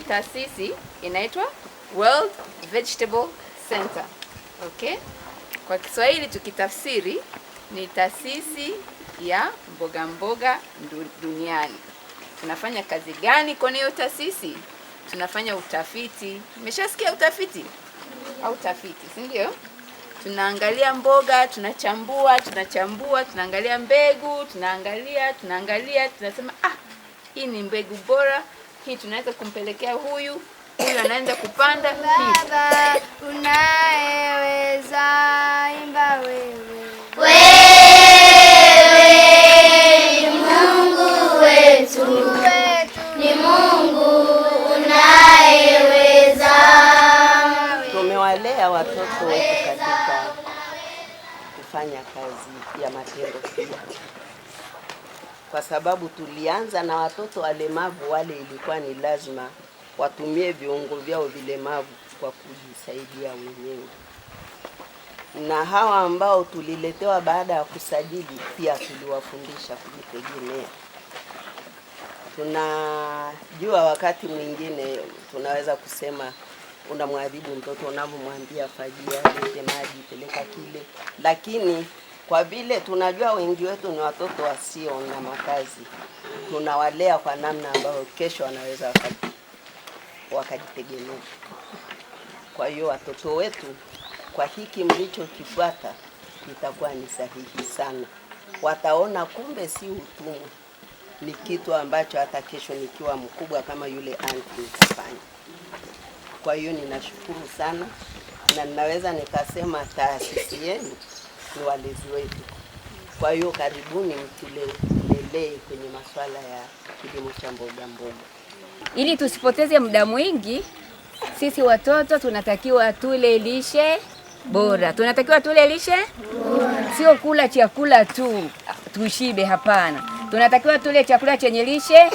taasisi inaitwa World Vegetable Center. Okay? Kwa Kiswahili tukitafsiri ni taasisi ya mboga mboga duniani. Tunafanya kazi gani kwa hiyo taasisi? Tunafanya utafiti. Umeshasikia utafiti au utafiti si ndio? Tunaangalia mboga, tunachambua, tunachambua, tunaangalia mbegu, tunaangalia, tunaangalia, tunasema ah, hii ni mbegu bora hii tunaweza kumpelekea huyu, huyu anaanza kupanda. Baba unayeweza, imba wewe, wewe Mungu wetu, ni Mungu unayeweza. Tumewalea watoto wetu katika kufanya kazi ya matendo kwa sababu tulianza na watoto walemavu wale, ilikuwa ni lazima watumie viungo vyao vilemavu kwa kujisaidia wenyewe, na hawa ambao tuliletewa baada ya kusajili pia tuliwafundisha kujitegemea. Tunajua wakati mwingine tunaweza kusema unamwadhibu mtoto unavyomwambia fajia, lete maji, peleka kile, lakini kwa vile tunajua wengi wetu ni watoto wasio na makazi, tunawalea kwa namna ambayo kesho wanaweza wakajitegemea. Kwa hiyo watoto wetu, kwa hiki mlichokifuata, itakuwa ni sahihi sana. Wataona kumbe si utumwa, ni kitu ambacho hata kesho nikiwa mkubwa kama yule anti nitafanya. Kwa hiyo ninashukuru sana na ninaweza nikasema taasisi yenu ni walezi wetu. Kwa hiyo karibuni, mtulelee kwenye masuala ya kilimo cha mboga mboga. Ili tusipoteze muda mwingi, sisi watoto tunatakiwa tule lishe bora, tunatakiwa tule lishe bora, sio kula chakula tu tushibe. Hapana, tunatakiwa tule chakula chenye lishe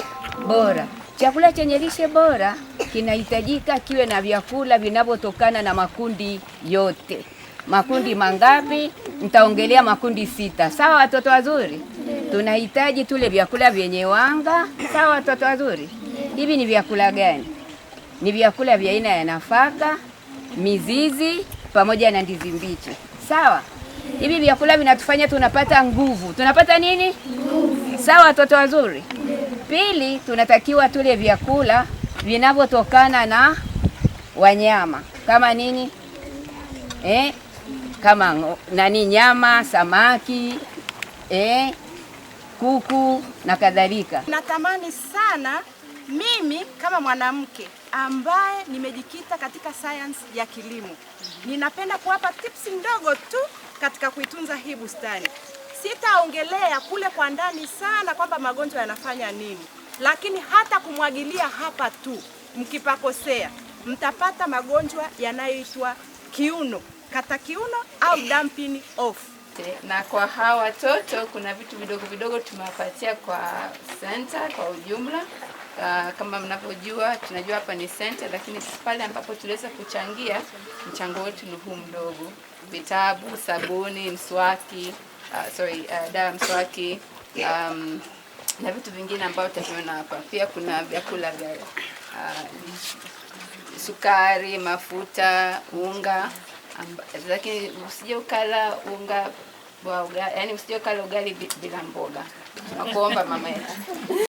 bora. Chakula chenye lishe bora kinahitajika kiwe na vyakula vinavyotokana na makundi yote. Makundi mangapi? nitaongelea makundi sita, sawa watoto wazuri? Tunahitaji tule vyakula vyenye wanga, sawa watoto wazuri? Hivi ni vyakula gani? Ni vyakula vya aina ya nafaka, mizizi pamoja na ndizi mbichi, sawa? Hivi vyakula vinatufanya tunapata nguvu. Tunapata nini? Nguvu. Sawa watoto wazuri? Pili, tunatakiwa tule vyakula vinavyotokana na wanyama kama nini? Eh, kama nani, nyama, samaki, eh, kuku na kadhalika. Natamani sana mimi kama mwanamke ambaye nimejikita katika sayansi ya kilimo, ninapenda kuwapa tips ndogo tu katika kuitunza hii bustani. Sitaongelea kule kwa ndani sana kwamba magonjwa yanafanya nini, lakini hata kumwagilia hapa tu mkipakosea mtapata magonjwa yanayoitwa kiuno kata kiuno au dumping off. Eh, na kwa hawa watoto kuna vitu vidogo vidogo tumewapatia kwa center kwa ujumla. Uh, kama mnavyojua tunajua hapa ni center, lakini pale ambapo tuliweza kuchangia, mchango wetu ni huu mdogo: vitabu, sabuni, mswaki, uh, sorry, uh, dawa mswaki, um, na vitu vingine ambavyo tutaviona hapa. Pia kuna vyakula vya uh, sukari, mafuta, unga lakini usije ukala unga wa ugali, yani usije ukala ugali bila mboga. Nakuomba mama yetu.